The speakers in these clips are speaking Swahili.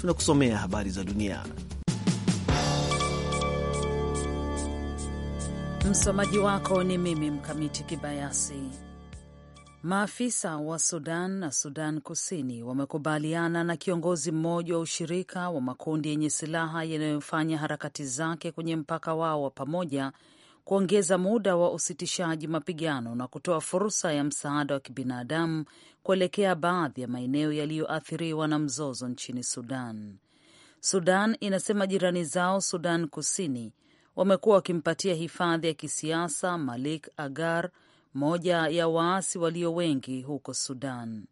tunakusomea habari za dunia. Msomaji wako ni mimi Mkamiti Kibayasi. Maafisa wa Sudan na Sudan Kusini wamekubaliana na kiongozi mmoja wa ushirika wa makundi yenye silaha yanayofanya harakati zake kwenye mpaka wao wa pamoja kuongeza muda wa usitishaji mapigano na kutoa fursa ya msaada wa kibinadamu kuelekea baadhi ya maeneo yaliyoathiriwa na mzozo nchini Sudan. Sudan inasema jirani zao Sudan Kusini wamekuwa wakimpatia hifadhi ya kisiasa Malik Agar, moja ya waasi walio wengi huko Sudan.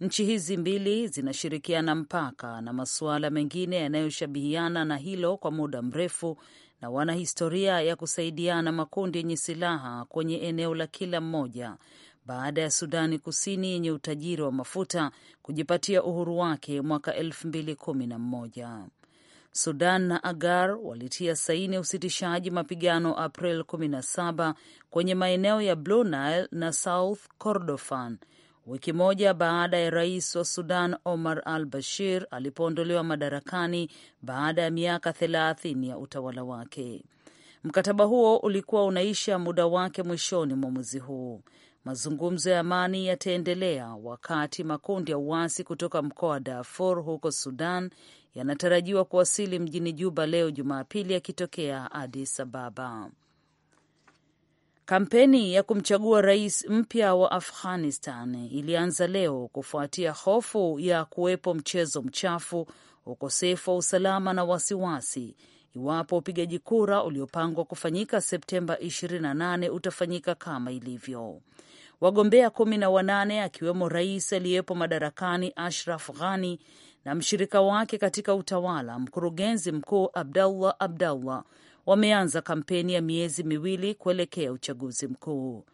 Nchi hizi mbili zinashirikiana mpaka na masuala mengine yanayoshabihiana na hilo kwa muda mrefu na wana historia ya kusaidiana makundi yenye silaha kwenye eneo la kila mmoja baada ya Sudani Kusini yenye utajiri wa mafuta kujipatia uhuru wake mwaka elfu mbili kumi na mmoja. Sudan na Agar walitia saini usitishaji mapigano April 17 kwenye maeneo ya Blue Nile na South Kordofan wiki moja baada ya rais wa Sudan Omar al Bashir alipoondolewa madarakani baada ya miaka thelathini ya utawala wake. Mkataba huo ulikuwa unaisha muda wake mwishoni mwa mwezi huu. Mazungumzo ya amani yataendelea wakati makundi ya uasi kutoka mkoa wa Darfur huko Sudan yanatarajiwa kuwasili mjini Juba leo Jumapili yakitokea adis Ababa. Kampeni ya kumchagua rais mpya wa Afghanistan ilianza leo kufuatia hofu ya kuwepo mchezo mchafu, ukosefu wa usalama na wasiwasi iwapo upigaji kura uliopangwa kufanyika Septemba 28 utafanyika kama ilivyo. Wagombea kumi na wanane akiwemo rais aliyepo madarakani Ashraf Ghani na mshirika wake katika utawala, mkurugenzi mkuu Abdallah Abdallah wameanza kampeni ya miezi miwili kuelekea uchaguzi mkuu.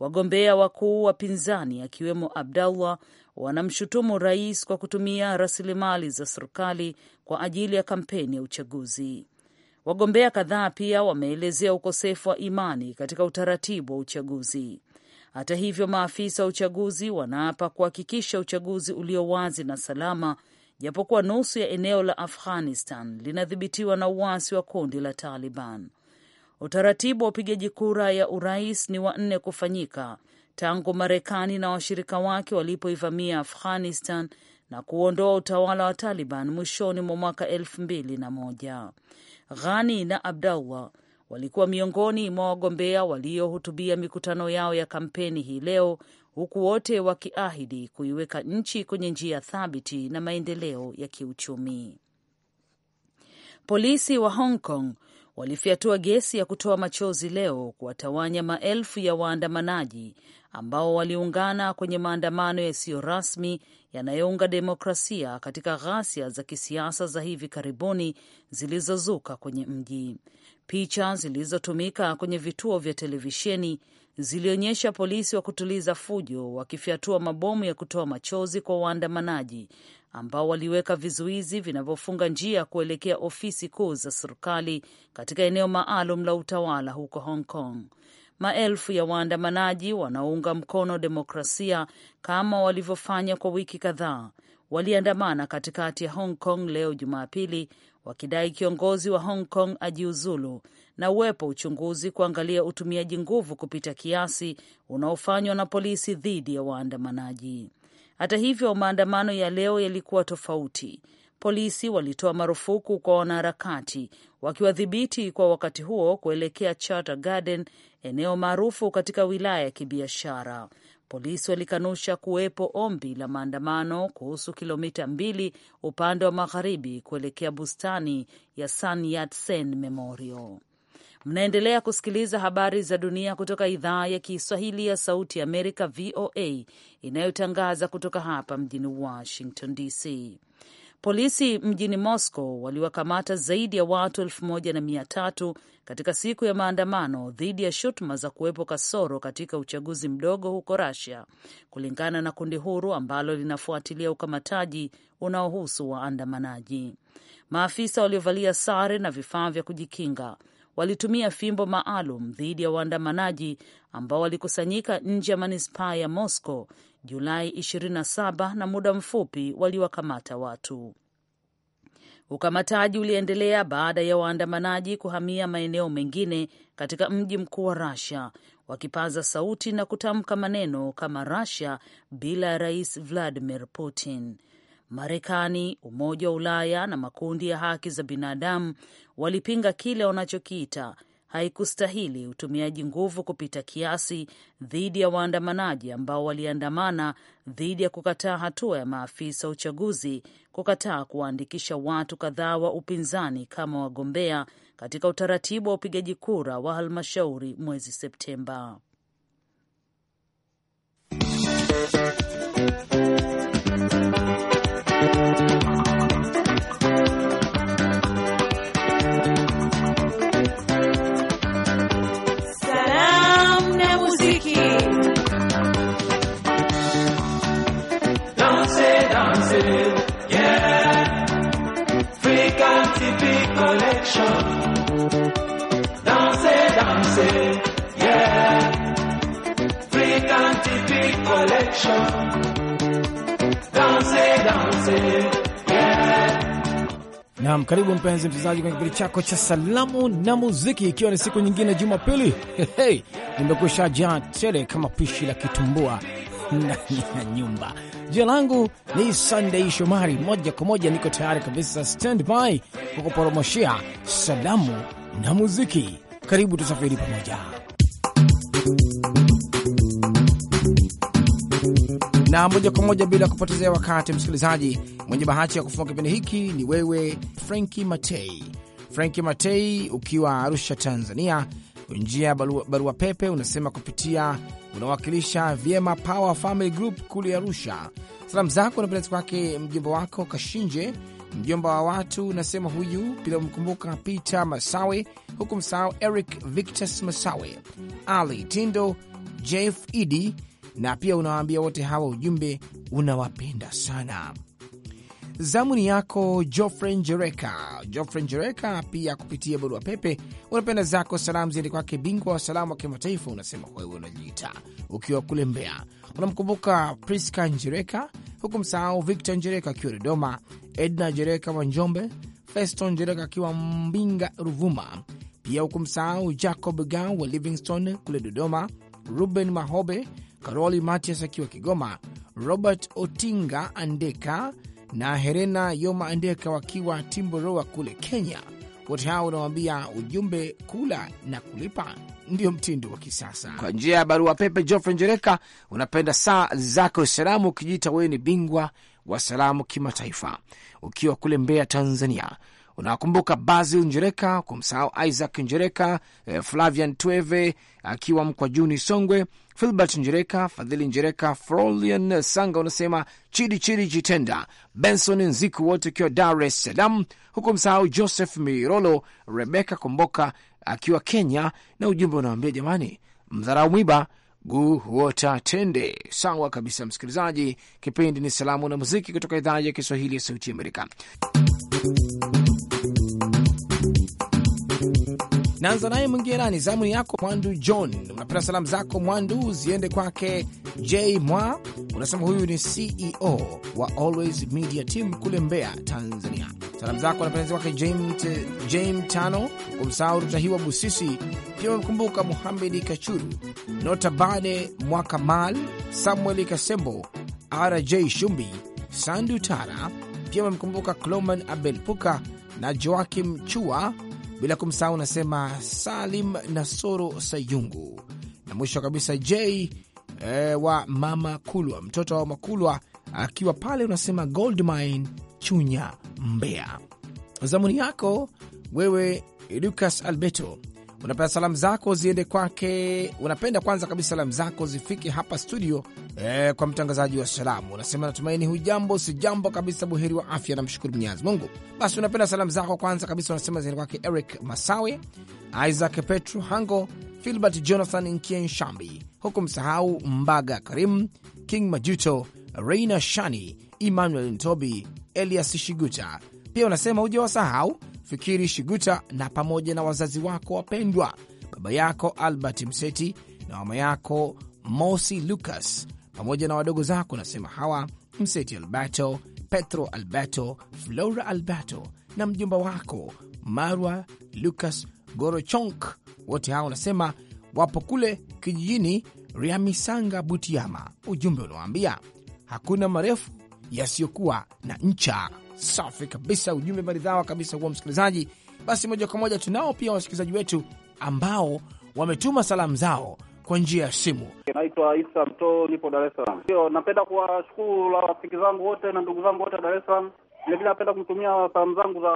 Wagombea wakuu wapinzani akiwemo Abdallah wanamshutumu rais kwa kutumia rasilimali za serikali kwa ajili ya kampeni ya uchaguzi. Wagombea kadhaa pia wameelezea ukosefu wa imani katika utaratibu wa uchaguzi. Hata hivyo, maafisa wa uchaguzi wanaapa kuhakikisha uchaguzi ulio wazi na salama japokuwa nusu ya eneo la Afghanistan linadhibitiwa na uasi wa kundi la Taliban. Utaratibu wa upigaji kura ya urais ni wa nne kufanyika tangu Marekani na washirika wake walipoivamia Afghanistan na kuondoa utawala wa Taliban mwishoni mwa mwaka elfu mbili na moja. Ghani na abdullah walikuwa miongoni mwa wagombea waliohutubia mikutano yao ya kampeni hii leo huku wote wakiahidi kuiweka nchi kwenye njia thabiti na maendeleo ya kiuchumi. Polisi wa Hong Kong walifyatua gesi ya kutoa machozi leo kuwatawanya maelfu ya waandamanaji ambao waliungana kwenye maandamano yasiyo rasmi yanayounga demokrasia katika ghasia za kisiasa za hivi karibuni zilizozuka kwenye mji. Picha zilizotumika kwenye vituo vya televisheni zilionyesha polisi wa kutuliza fujo wakifyatua mabomu ya kutoa machozi kwa waandamanaji ambao waliweka vizuizi vinavyofunga njia kuelekea ofisi kuu za serikali katika eneo maalum la utawala huko Hong Kong. Maelfu ya waandamanaji wanaounga mkono demokrasia kama walivyofanya kwa wiki kadhaa waliandamana katikati ya Hong Kong leo Jumapili wakidai kiongozi wa Hong Kong ajiuzulu na uwepo uchunguzi kuangalia utumiaji nguvu kupita kiasi unaofanywa na polisi dhidi ya waandamanaji. Hata hivyo, maandamano ya leo yalikuwa tofauti. Polisi walitoa marufuku kwa wanaharakati, wakiwadhibiti kwa wakati huo kuelekea Charter Garden, eneo maarufu katika wilaya ya kibiashara. Polisi walikanusha kuwepo ombi la maandamano kuhusu kilomita mbili upande wa magharibi kuelekea bustani ya Sun Yat-sen Memorial. Mnaendelea kusikiliza habari za dunia kutoka idhaa ya Kiswahili ya Sauti ya Amerika, VOA, inayotangaza kutoka hapa mjini Washington DC. Polisi mjini Moscow waliwakamata zaidi ya watu elfu moja na mia tatu katika siku ya maandamano dhidi ya shutuma za kuwepo kasoro katika uchaguzi mdogo huko Russia, kulingana na kundi huru ambalo linafuatilia ukamataji unaohusu waandamanaji. Maafisa waliovalia sare na vifaa vya kujikinga walitumia fimbo maalum dhidi ya waandamanaji ambao walikusanyika nje ya manispaa ya Moscow Julai 27 na muda mfupi waliwakamata watu. Ukamataji uliendelea baada ya waandamanaji kuhamia maeneo mengine katika mji mkuu wa Russia wakipaza sauti na kutamka maneno kama Russia bila ya Rais Vladimir Putin. Marekani, Umoja wa Ulaya na makundi ya haki za binadamu walipinga kile wanachokiita haikustahili utumiaji nguvu kupita kiasi dhidi ya waandamanaji ambao waliandamana dhidi ya kukataa hatua ya maafisa wa uchaguzi kukataa kuwaandikisha watu kadhaa wa upinzani kama wagombea katika utaratibu wa upigaji kura wa halmashauri mwezi Septemba. nam Naam, karibu mpenzi mchezaji kwenye kipindi chako cha salamu na muziki, ikiwa ni siku nyingine Jumapili. Hey, nimekusha jaa tele kama pishi la kitumbua ndani ya nyumba. Jina langu ni Sunday Shomari, moja kwa moja niko tayari kabisa, stand by kwa kuporomoshea salamu na muziki. Karibu tusafiri pamoja. na moja kwa moja bila kupotezea wakati, msikilizaji, mwenye bahati ya kufunga kipindi hiki ni wewe franki Matei. franki Matei, ukiwa Arusha, Tanzania, njia ya barua, barua pepe unasema kupitia unawakilisha vyema Power Family Group kule Arusha. Salamu zako napeleza kwake mjomba wako Kashinje, mjomba wa watu unasema huyu, bila kumkumbuka Peter Masawe, huku msahau Eric Victus Masawe, Ali Tindo, Jeff Idi na pia unawaambia wote hawa ujumbe unawapenda sana. Zamu ni yako Jofre Njereka. Jofre Njereka pia kupitia barua pepe unapenda zako salamu ziende kwake bingwa wa salamu wa kimataifa, unasema wewe unajiita ukiwa kule Mbeya. Unamkumbuka Priska Njereka, huku msahau Victor Njereka akiwa Dodoma, Edna Njereka wa Njombe, Feston Njereka akiwa Mbinga Ruvuma, pia huku msahau Jacob Gan wa Livingstone kule Dodoma, Ruben Mahobe Karoli Matias akiwa Kigoma, Robert Otinga Andeka na Herena Yoma Andeka wakiwa Timboroa kule Kenya. Wote hao unawambia ujumbe, kula na kulipa ndio mtindo wa kisasa. Kwa njia ya barua pepe, geoffrey Njereka, unapenda saa zako salamu, ukijiita wewe ni bingwa wa salamu kimataifa, ukiwa kule Mbeya, Tanzania. Unawakumbuka Basil Njereka, kumsahau Isaac Njereka, eh, Flavian Tweve akiwa Mkwajuni, Songwe, Filbert Njereka, Fadhili Njereka, Frolian Sanga unasema chidi chidi jitenda, Benson Nziku, wote ukiwa Dar es Salaam, huku msahau Joseph Mirolo, Rebeka Komboka akiwa Kenya, na ujumbe unawambia jamani, mdharau mwiba guu huota tende. Sawa kabisa, msikilizaji. Kipindi ni salamu na muziki kutoka idhaa ya Kiswahili ya Sauti Amerika. Naanza naye mwingie nani, zamu yako Mwandu John. Unapenda salamu zako Mwandu ziende kwake J Mwa, unasema huyu ni CEO wa Always Media Team kule Mbeya, Tanzania. Salamu zako unapenda kwake James Tano, kumsahau Rutahiwa Busisi, pia amemkumbuka Muhamedi Kachuru, Notabane mal Samueli Kasembo, RJ Shumbi, Sandu Tara, pia amemkumbuka Cloman Abel Puka na Joakim Chua bila kumsahau unasema Salim Nasoro Sayungu na mwisho kabisa J eh, wa Mama Kulwa, mtoto wa Makulwa akiwa pale unasema Goldmine Chunya, Mbeya. Zamuni yako wewe Lucas Alberto unapenda salamu zako ziende kwake. Unapenda kwanza kabisa salamu zako zifike hapa studio, eh, kwa mtangazaji wa salamu. Unasema natumaini hujambo, jambo kabisa, buheri wa afya, namshukuru Mwenyezi Mungu. Basi unapenda salamu zako kwanza kabisa unasema ziende kwake Eric Masawe, Isaac Petro Hango, Filbert Jonathan Nkien Shambi, huku msahau Mbaga Karim, King Majuto, Reina Shani, Emmanuel Ntobi, Elias Shiguta. Pia unasema huja wasahau Fikiri Shiguta na pamoja na wazazi wako wapendwa, baba yako Albert Mseti na mama yako Mosi Lucas pamoja na wadogo zako nasema hawa Mseti Alberto, Petro Alberto, Flora Alberto na mjomba wako Marwa Lucas Gorochonk. Wote hawa unasema wapo kule kijijini Riamisanga, Butiama. Ujumbe unawaambia hakuna marefu yasiyokuwa na ncha. Safi kabisa, ujumbe maridhawa kabisa kuwa msikilizaji. Basi moja kwa moja tunao pia wasikilizaji wetu ambao wametuma salamu zao kwa njia ya simu. Naitwa Isa Mto, nipo Dar es Salaam. Ndio, napenda kuwashukuru rafiki zangu wote na ndugu zangu wote Dar es Salaam. Vilevile napenda kumtumia salamu zangu za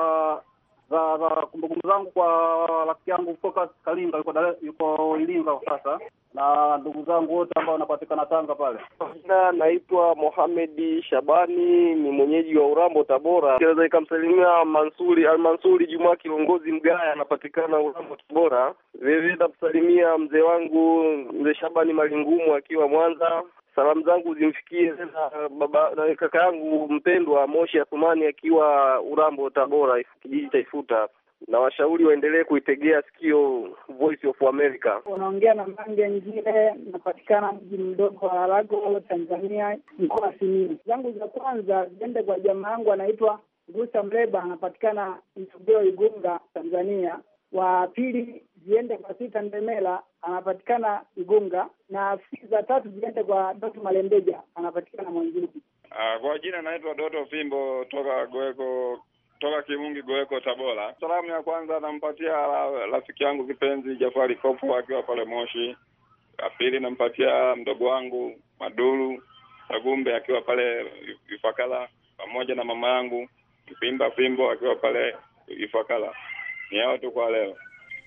za za kumbukumbu zangu kwa rafiki yangu Focus Kalinga, yuko yuko Ilinga kwa sasa, na ndugu zangu wote ambao wanapatikana Tanga pale. Jina naitwa Mohamed Shabani, ni mwenyeji wa Urambo, Tabora. Naweza nikamsalimia Mansuri Almansuri Juma, kiongozi mgaya, anapatikana Urambo, Tabora. Vilevile nitamsalimia mzee wangu mzee Shabani Malingumu akiwa Mwanza. Salamu zangu zimfikie na uh, baba na kaka yangu mpendwa Moshi Athumani akiwa Urambo, Tabora, kijiji cha Ifuta na washauri waendelee kuitegea sikio Voice of America. Unaongea na Mange Njile, napatikana mji mdogo wa Lago, Tanzania, mkoa Simiyu. Zangu za kwanza ziende kwa jamaa yangu anaitwa Gusa Mleba, anapatikana Msugeo, Igunga, Tanzania. Wa pili ziende kwa sita Ndemela anapatikana Igunga, na si za tatu ziende kwa Doto Malembeja anapatikana Mwanjugu. Uh, ah, kwa jina naitwa Doto Fimbo toka Goeko toka Kimungi Goeko Tabora. Salamu ya kwanza nampatia rafiki yangu kipenzi Jafari Kopo akiwa pale Moshi. Ya pili nampatia mdogo wangu Maduru Sagumbe akiwa pale Ifakala pamoja na mama yangu Mpimba Fimbo akiwa pale Ifakala. Ni hao tu kwa leo.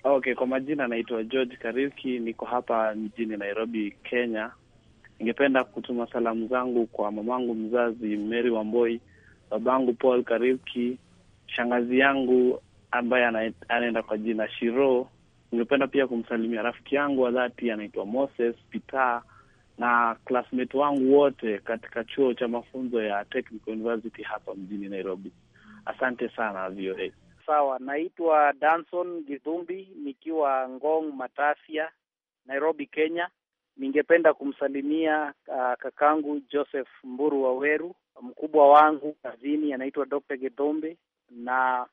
Okay, kwa majina naitwa George Kariuki, niko hapa mjini Nairobi, Kenya. Ningependa kutuma salamu zangu kwa mamangu mzazi Mary Wamboi, babangu Paul Kariuki, shangazi yangu ambaye anaenda kwa jina Shiro. Ningependa pia kumsalimia rafiki yangu wa dhati anaitwa Moses Peter na classmate wangu wote katika chuo cha mafunzo ya Technical University hapa mjini Nairobi. Asante sana VOA sawa. Naitwa Danson gidhumbi nikiwa Ngong Matasia, Nairobi, Kenya. Ningependa kumsalimia uh, kakangu Joseph Mburu Waweru, mkubwa wangu kazini anaitwa Dr. Githumbi, na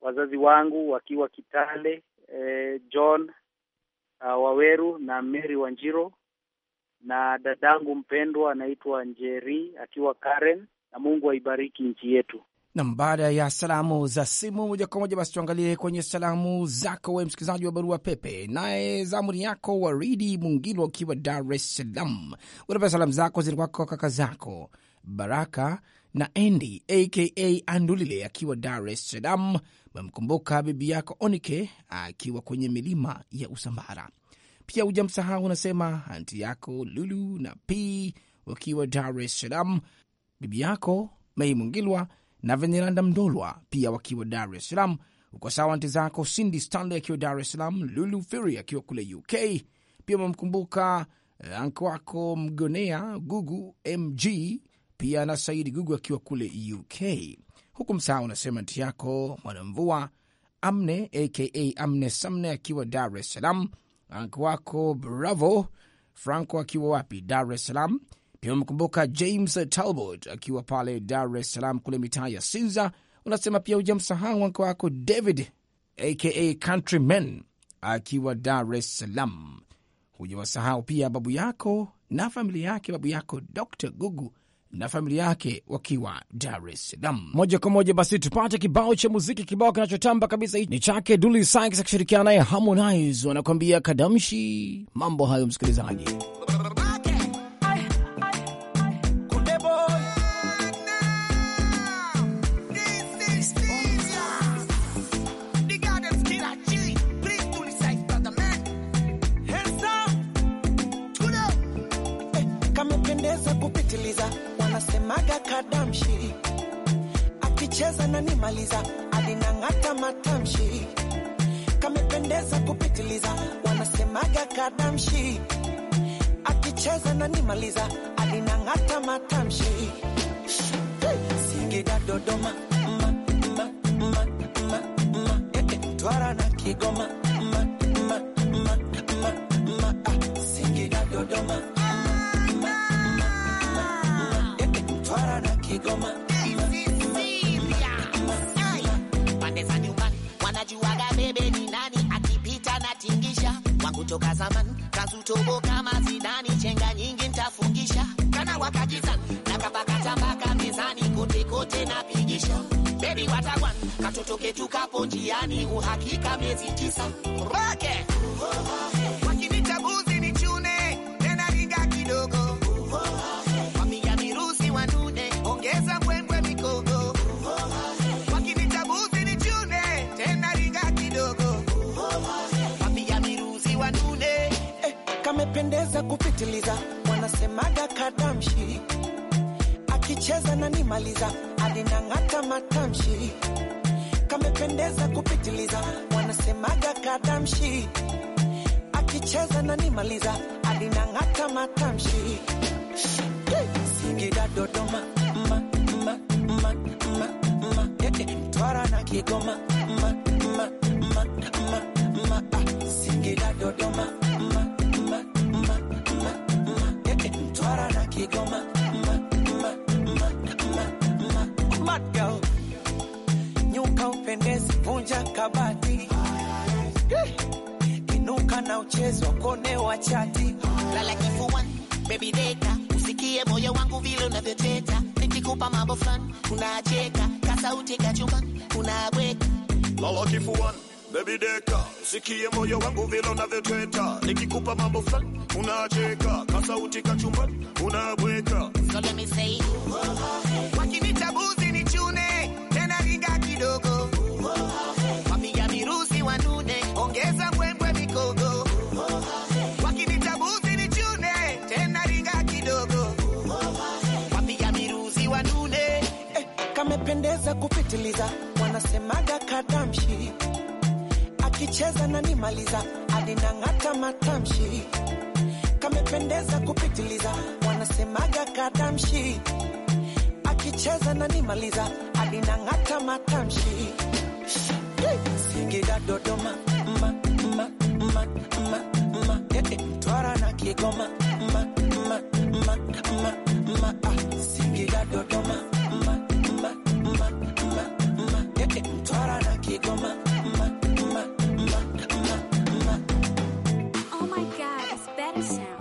wazazi wangu wakiwa Kitale, eh, John uh, Waweru na Mary Wanjiro, na dadangu mpendwa anaitwa Njeri akiwa Karen, na Mungu aibariki nchi yetu. Nam, baada ya salamu za simu moja kwa moja basi tuangalie kwenye salamu zako we msikilizaji wa barua pepe. Naye zamuni yako Waridi Mungilwa akiwa Dar es Salaam, unapea salamu zako zilikuwa kaka zako Baraka na Endi aka Andulile akiwa Dar es Salaam. Memkumbuka bibi yako Onike akiwa kwenye milima ya Usambara, pia hujamsahau unasema anti yako Lulu na P wakiwa Dar es Salaam, bibi yako Mei Mungilwa na Veneranda Mdolwa pia wakiwa Dar es Salaam. Uko sawa nti zako Cindy Stanley akiwa Dar es Salaam, Lulu Ferry akiwa kule UK pia umemkumbuka eh, anko wako Mgonea Gugu MG pia na Saidi Gugu akiwa kule UK huku msaa unasema nti yako Mwanamvua Amne aka Amne Samne akiwa Dar es Salaam, anko wako Bravo Franco akiwa wapi Dar es Salaam, pia umekumbuka James Talbot akiwa pale Dar es Salaam kule mitaa ya Sinza. Unasema pia hujamsahau wanke wako David aka Countryman akiwa Dar es Salaam. Hujawasahau pia babu yako na familia yake, babu yako Dr Gugu na familia yake wakiwa Dar es Salaam. Moja kwa moja basi tupate kibao cha muziki. Kibao kinachotamba kabisa ni chake Dully Sykes akishirikiana naye Harmonize, wanakuambia Kadamshi. Mambo hayo msikilizaji maga kadamshi, akicheza na nimaliza, alinang'ata matamshi, kamependeza kupitiliza, wanasemaga kadamshi, akicheza na nimaliza, alinang'ata matamshi. Singida Dodoma, ma, ma, ma, ma, ma, eh, eh, Twara na Kigoma, ma, ma, ma, ma, ma, ah, Singida Dodoma tutoke tukapo njiani, uhakika miezi tisa rake wakinita buzi ni chune tena ringa kidogo wamiga ongeza mikogo ni chune tena ringa kidogo eh, kamependeza kupitiliza wanasemaga kadamshi akicheza na nimaliza alinang'ata matamshi kupendeza kupitiliza, wanasemaga kadamshi, akicheza nanimaliza, alinang'ata matamshi. Singida, Dodoma, ma, ma, ma, ma, ma, eh, eh, Mtwara na Kigoma, ma, ma, ma, ma, ma, ah, Singida, Dodoma, ma, ma, ma, ma, ma, eh, eh Mtwara na Kigoma vunja kabati, inuka na uchezo kone wa chati, lala kifua baby deka, usikie moyo wangu vile unavyoteta, nikikupa mambo fun unacheka, kasauti kachuma unabweka, lala kifua Baby deka, sikie moyo wangu vile unavyotweta, nikikupa mambo fun unacheka, kasauti kachumbani unabweka. So let me say, wakinitabuzi anaweza kupitiliza, wanasemaga kadamshi, akicheza na nimaliza, aninang'ata matamshi, kamependeza kupitiliza, wanasemaga kadamshi, akicheza na nimaliza, aninang'ata matamshi. Singida, Dodoma, ma, ma, ma, ma, ma, eh, eh, Mtwara na Kigoma, ma, ma, ma, ma, ma, ma, ah, Singida, Dodoma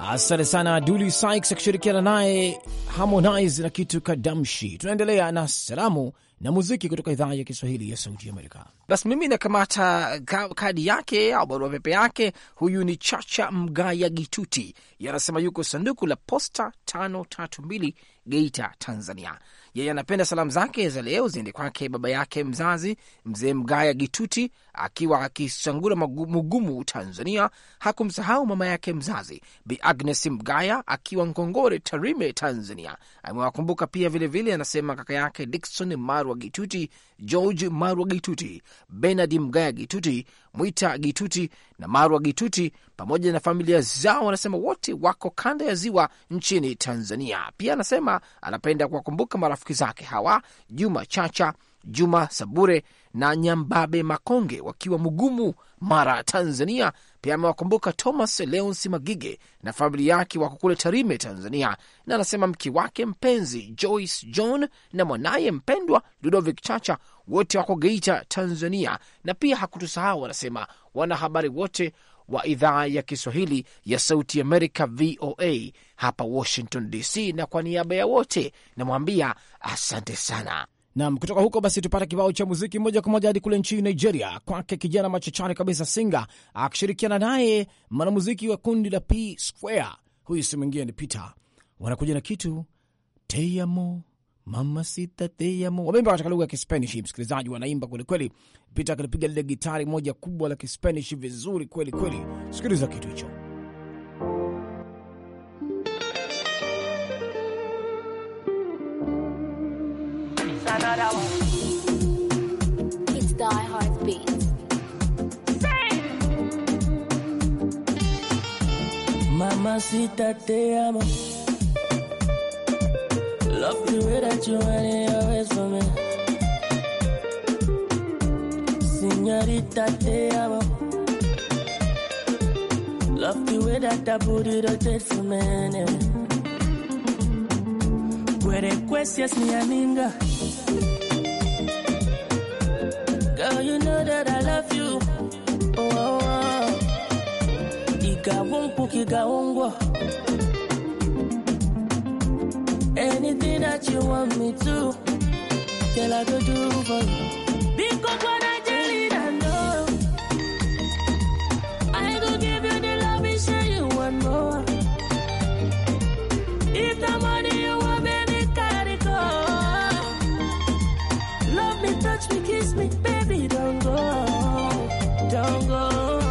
Asante sana Duli Sykes akishirikiana naye Harmonize na kitu kadamshi. Tunaendelea na salamu na muziki kutoka idhaa ya Kiswahili ya Sauti ya Amerika. Basi mimi nakamata kadi yake au barua pepe yake. Huyu ni Chacha Mgaya Gituti, yanasema yuko sanduku la posta 532 Geita, Tanzania. Yeye anapenda salamu zake za leo ziende kwake baba yake mzazi mzee Mgaya Gituti akiwa akisangura Mugumu, Tanzania. Hakumsahau mama yake mzazi Bi Agnes Mgaya akiwa Ngongore, Tarime, Tanzania. Amewakumbuka pia vilevile, anasema kaka yake Dikson Marwa Gituti George Marwa Gituti, Benard Mgaya Gituti, Mwita Gituti na Marwa Gituti pamoja na familia zao. Wanasema wote wako kanda ya ziwa nchini Tanzania. Pia anasema anapenda kuwakumbuka marafiki zake hawa Juma Chacha, Juma Sabure na Nyambabe Makonge wakiwa mgumu Mara, Tanzania. Pia amewakumbuka Thomas Leonsi Magige na familia yake wako kule Tarime, Tanzania, na anasema mke wake mpenzi Joyce John na mwanaye mpendwa Ludovic Chacha wote wako Geita, Tanzania, na pia hakutusahau, wanasema wanahabari wote wa idhaa ya Kiswahili ya Sauti Amerika, VOA hapa Washington DC, na kwa niaba ya wote namwambia asante sana. Nam, kutoka huko basi tupata kibao cha muziki moja kwa moja hadi kule nchini Nigeria, kwake kijana machachari kabisa Singa akishirikiana naye mwanamuziki wa kundi la P Square, huyu si mwingine ni Peter. Wanakuja na kitu teyamo mama sita mamasitateyamo wameimba katika lugha ya Kispanish. Msikilizaji, wanaimba kwelikweli. Pita akilipiga lile gitari moja kubwa la Kispanish vizuri kweli kweli. Sikiliza kitu hicho. Mama, sita te amo Love the way that you want it always for me. Senorita, te amo. Love the way that that booty rotates for me. Cuerecuecias, mi amiga. Girl, you know that I love you. Oh, oh, oh. Igawongpo, igawongwo. that you want me to. Girl, I go do for you. Because when I tell it, I know. I go give you the love and show you one more. If the money you want, baby, carry go. Love me, touch me, kiss me, baby, don't go. Don't go.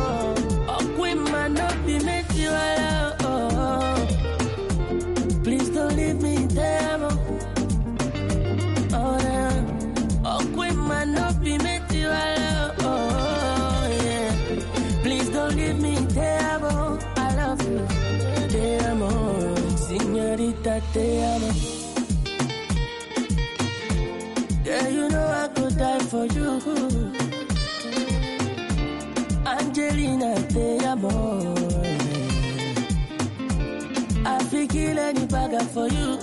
for you. Angelina te amo. Afikile ni paga for you.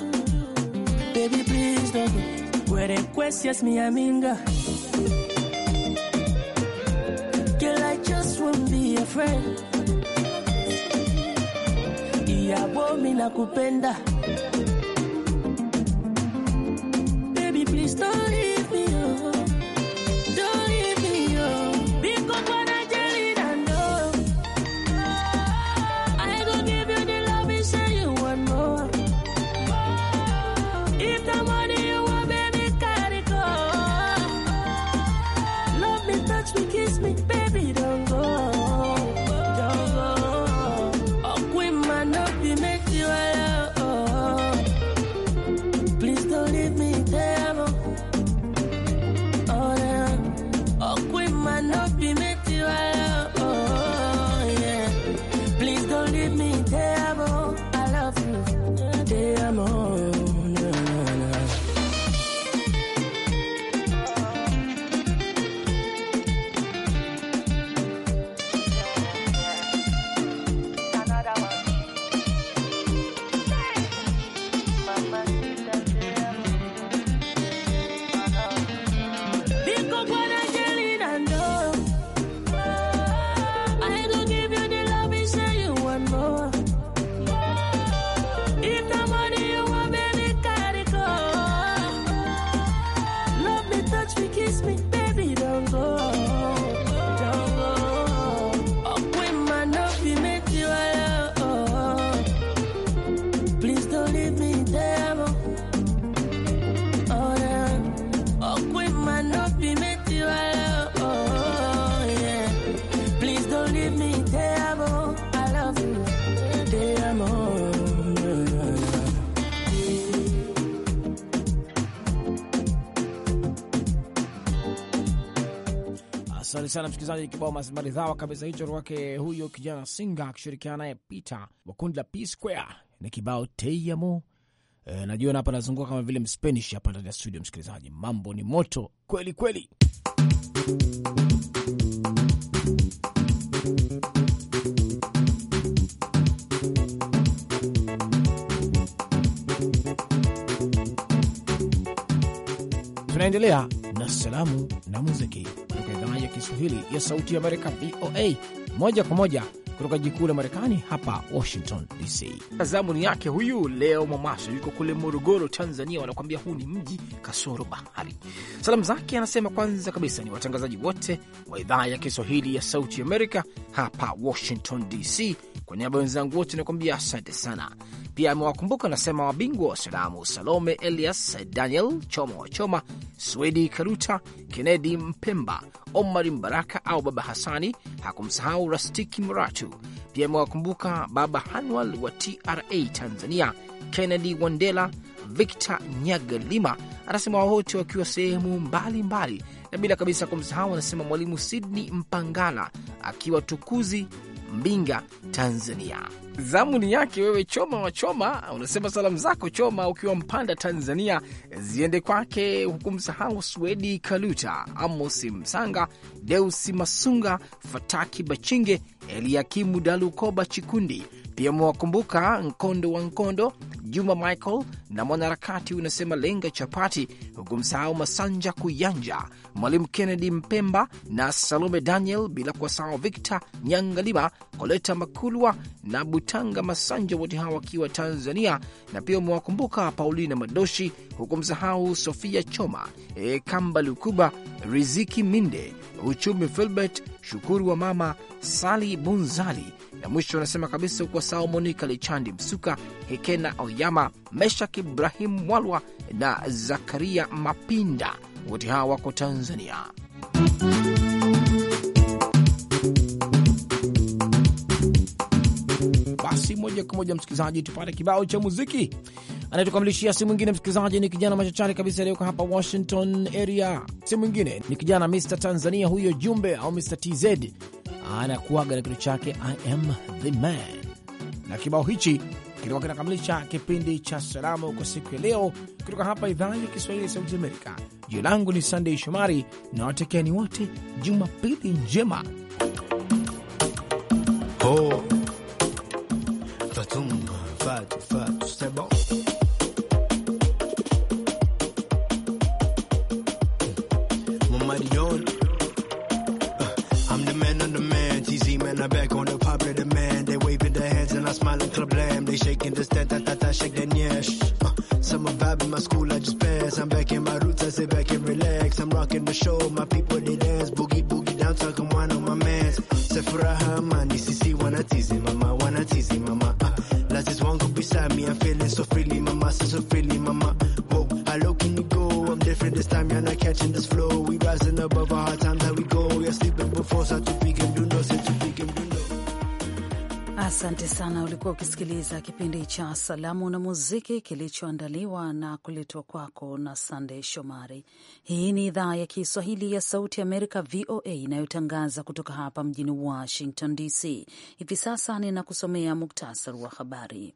Baby, please don't go. Where questions me aminga. Girl, I just won't be a friend. Iyabo, mi nakupenda. Asante sana msikilizaji, kibao maridhawa kabisa hicho wake huyo kijana Singa akishirikiana naye Peter wa kundi la P Square eh, na kibao Teyamo. E, najiona hapa nazunguka kama vile Mspanish hapa ndani ya studio. Msikilizaji, mambo ni moto kweli kweli. Tunaendelea na salamu na muziki. Kiswahili ya Sauti ya Amerika, VOA, moja kwa moja kutoka jiji kuu la Marekani hapa Washington DC. ni yake huyu Leo Mwamaso yuko kule Morogoro, Tanzania. Wanakuambia huu ni mji kasoro bahari. Salamu zake anasema kwanza kabisa ni watangazaji wote wa idhaa ya Kiswahili ya Sauti Amerika hapa Washington DC kwa niaba wenzangu wote nakuambia asante sana. Pia amewakumbuka anasema wabingwa wa salamu Salome Elias, Daniel Choma wa Choma, Swedi Karuta, Kennedi Mpemba, Omari Mbaraka au Baba Hasani. Hakumsahau Rastiki Muratu. Pia amewakumbuka Baba Hanwal wa TRA Tanzania, kennedi Wandela, Victor Nyagalima anasema wote wakiwa sehemu mbalimbali, na bila kabisa kumsahau, anasema mwalimu Sidney Mpangala akiwa Tukuzi, Mbinga, Tanzania. Zamuni yake wewe Choma wa Choma, unasema salamu zako Choma ukiwa Mpanda, Tanzania, ziende kwake huku msahau Swedi Kaluta, Amosi Msanga, Deusi Masunga, Fataki Bachinge, Eliakimu Dalukoba Chikundi pia mwakumbuka Nkondo wa Nkondo, Juma Michael na mwanaharakati unasema lenga chapati, huku msahau Masanja Kuyanja, Mwalimu Kennedy Mpemba na Salome Daniel, bila kuwasahau Victor Nyangalima, Koleta Makulwa na Butanga Masanja, wote hawa wakiwa Tanzania. Na pia umewakumbuka Paulina Madoshi, huku msahau Sofia Choma, e Kamba Lukuba, Riziki Minde uchumi Filbert Shukuru wa mama Sali Bunzali, na mwisho anasema kabisa huko sao Monika Lichandi Msuka, Hekena Oyama, Meshak Ibrahimu Mwalwa na Zakaria Mapinda, wote hawa wako Tanzania. Basi moja kwa moja msikilizaji, tupate kibao cha muziki anayetukamilishia simu ingine msikilizaji, ni kijana machachari kabisa aliyoko hapa Washington area, simu ingine ni kijana Mr Tanzania huyo Jumbe au Mr TZ anakuaga na kitu chake I am the man, na kibao hichi kilikuwa kinakamilisha kipindi cha salamu kwa siku ya leo kutoka hapa idhaa ya Kiswahili ya Sauti Amerika. Jina langu ni Sandey Shomari na watekeni wote Jumapili njema oh. fatu, fatu, be shaking this that ta ta shake then yes. Uh, summer vibe in my school, I just pass. I'm back in my roots, I sit back and relax. I'm rocking the show, my Asante sana. Ulikuwa ukisikiliza kipindi cha Salamu na Muziki kilichoandaliwa na kuletwa kwako na Sandey Shomari. Hii ni idhaa ya Kiswahili ya Sauti Amerika, VOA, inayotangaza kutoka hapa mjini Washington DC. Hivi sasa ninakusomea muktasari wa habari.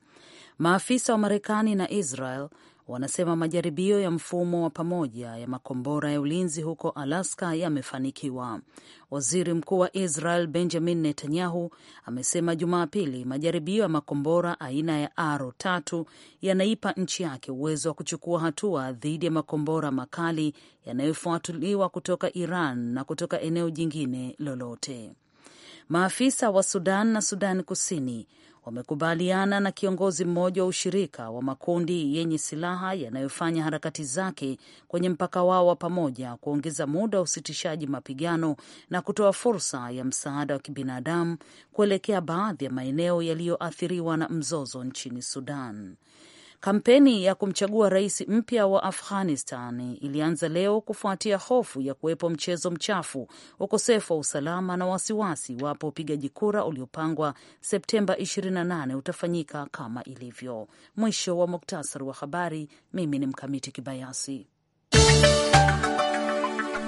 Maafisa wa Marekani na Israel wanasema majaribio ya mfumo wa pamoja ya makombora ya ulinzi huko Alaska yamefanikiwa. Waziri Mkuu wa Israel Benjamin Netanyahu amesema Jumapili majaribio ya makombora aina ya Aro tatu yanaipa nchi yake uwezo wa kuchukua hatua dhidi ya makombora makali yanayofuatuliwa kutoka Iran na kutoka eneo jingine lolote. Maafisa wa Sudan na Sudan Kusini wamekubaliana na kiongozi mmoja wa ushirika wa makundi yenye silaha yanayofanya harakati zake kwenye mpaka wao wa pamoja kuongeza muda wa usitishaji mapigano na kutoa fursa ya msaada wa kibinadamu kuelekea baadhi ya maeneo yaliyoathiriwa na mzozo nchini Sudan. Kampeni ya kumchagua rais mpya wa Afghanistan ilianza leo kufuatia hofu ya kuwepo mchezo mchafu, ukosefu wa usalama na wasiwasi iwapo upigaji kura uliopangwa Septemba 28 utafanyika kama ilivyo. Mwisho wa muktasari wa habari. Mimi ni Mkamiti Kibayasi.